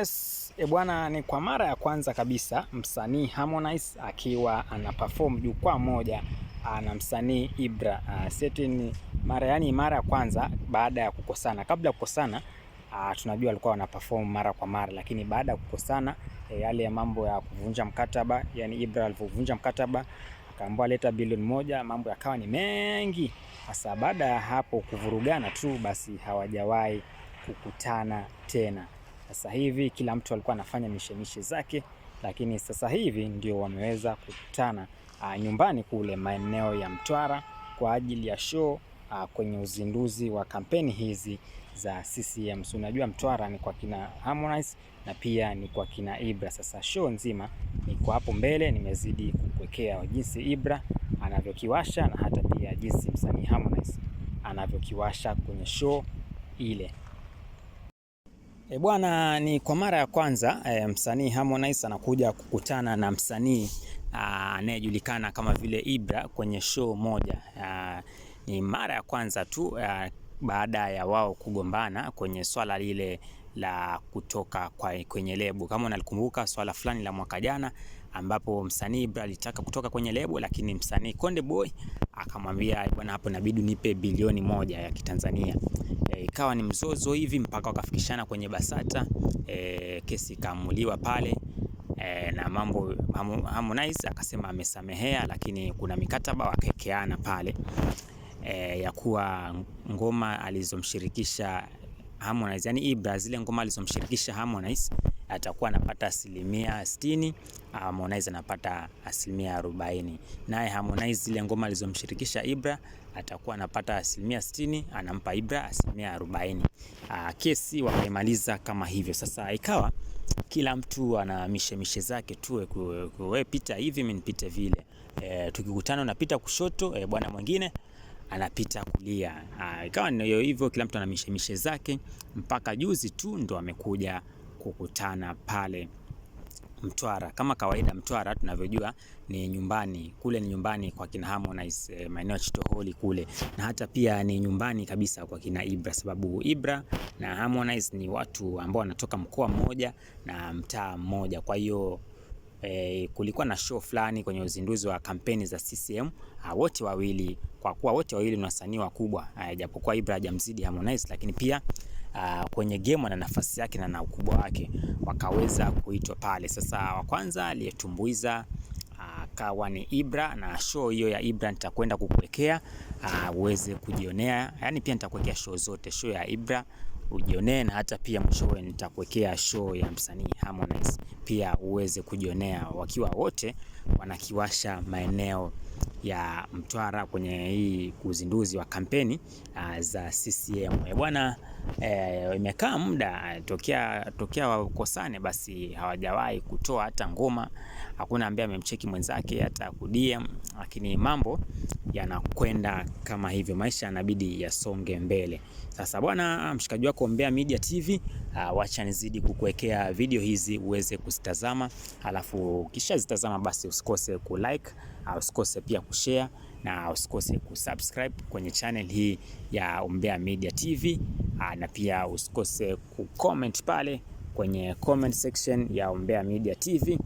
Yes, e bwana, ni kwa mara ya kwanza kabisa msanii Harmonize akiwa ana perform jukwaa moja ah, na msanii Ibra. Ah, Seti ni mara yani mara ya kwanza baada ya kukosana. Kabla ya kukosana Uh, tunajua alikuwa wana perform mara kwa mara, lakini baada ya kukosana eh, yale ya mambo ya kuvunja mkataba, yani Ibra alivyovunja mkataba akaambiwa leta bilioni moja, mambo yakawa ni mengi. Hasa baada ya hapo kuvurugana tu, basi hawajawahi kukutana tena. Sasa hivi kila mtu alikuwa anafanya mishemishi zake, lakini sasa hivi ndio wameweza kukutana ah, nyumbani kule maeneo ya Mtwara kwa ajili ya show ah, kwenye uzinduzi wa kampeni hizi za CCM. Unajua Mtwara ni kwa kina Harmonize na pia ni kwa kina Ibra. Sasa show nzima kwa hapo mbele, nimezidi kukwekea jinsi Ibra anavyokiwasha na hata pia jinsi msanii Harmonize anavyokiwasha kwenye show ile. E bwana, ni kwa mara ya kwanza e, msanii Harmonize anakuja kukutana na msanii anayejulikana kama vile Ibra kwenye show moja. A, ni mara ya kwanza tu a, baada ya wao kugombana kwenye swala lile la kutoka kwa, kwenye lebo. Kama unalikumbuka swala fulani la mwaka jana ambapo msanii Ibra alitaka kutoka kwenye lebo, lakini msanii Konde Boy akamwambia bwana, hapo inabidi nipe bilioni moja ya Kitanzania ikawa ni mzozo hivi mpaka wakafikishana kwenye BASATA e, kesi ikaamuliwa pale e, na mambo Harmonize akasema amesamehea, lakini kuna mikataba wakaekeana pale e, ya kuwa ngoma alizomshirikisha Harmonize, yani hii zile ngoma alizomshirikisha Harmonize atakuwa anapata asilimia 60, Harmonize anapata asilimia 40. Naye Harmonize ile ngoma alizomshirikisha Ibra atakuwa anapata asilimia 60, anampa Ibra asilimia arobaini. Ah, kesi wakaimaliza kama hivyo. Sasa ikawa kila mtu ana mishe mishe zake tu, wewe pita hivi, mimi nipite vile. E, tukikutana unapita kushoto, e, bwana mwingine anapita kulia. Ah, ikawa ndio hivyo, kila mtu ana mishemishe zake, mpaka juzi tu ndo amekuja kukutana pale Mtwara. Kama kawaida, Mtwara tunavyojua ni nyumbani, kule ni nyumbani kwa kina Harmonize, eh, maeneo ya Chitoholi kule, na hata pia ni nyumbani kabisa kwa kina Ibra, sababu Ibra na Harmonize ni watu ambao wanatoka mkoa mmoja na mtaa mmoja, kwa hiyo eh, kulikuwa na show fulani kwenye uzinduzi wa kampeni za CCM ah, wote wawili, kwa kuwa wote wawili ni wasanii wakubwa, ah, japokuwa Ibra hajamzidi Harmonize, lakini pia uh, kwenye game na nafasi yake na na ukubwa wake, wakaweza kuitwa pale. Sasa wa kwanza aliyetumbuiza akawa ah, uh, ni Ibra, na show hiyo ya Ibra nitakwenda kukuwekea uh, uweze kujionea, yani pia nitakuwekea show zote, show ya Ibra ujionee na hata pia mwishowe nitakuwekea show ya msanii Harmonize pia uweze kujionea, wakiwa wote wanakiwasha maeneo ya Mtwara kwenye hii uzinduzi wa kampeni ah, za CCM. Eh, bwana eh, imekaa muda tokea tokea wakosane, basi hawajawahi kutoa hata ngoma, hakuna ambaye amemcheki mwenzake hata kudia, lakini mambo yanakwenda kama hivyo, maisha yanabidi yasonge mbele. Sasa bwana, mshikaji wako Umbea Media TV uh, wacha nizidi kukuwekea video hizi uweze kuzitazama, alafu kisha zitazama, basi usikose kulike, uh, ah, usikose pia kushare na usikose kusubscribe kwenye channel hii ya Umbea Media TV, uh, ah, na pia usikose ku comment pale kwenye comment section ya Umbea Media TV.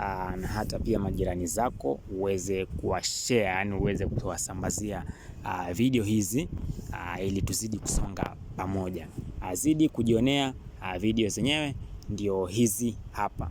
Aa, na hata pia majirani zako uweze kuwashare, yani uweze kuwasambazia video hizi aa, ili tuzidi kusonga pamoja, azidi kujionea video zenyewe ndio hizi hapa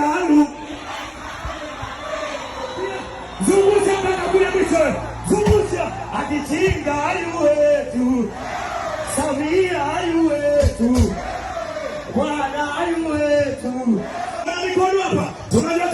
maalum. Zungusha mpaka kule mwisho, zungusha. Akichinga ayu wetu, Samia ayu wetu, Bwana ayu wetu. Na mikono hapa tunajua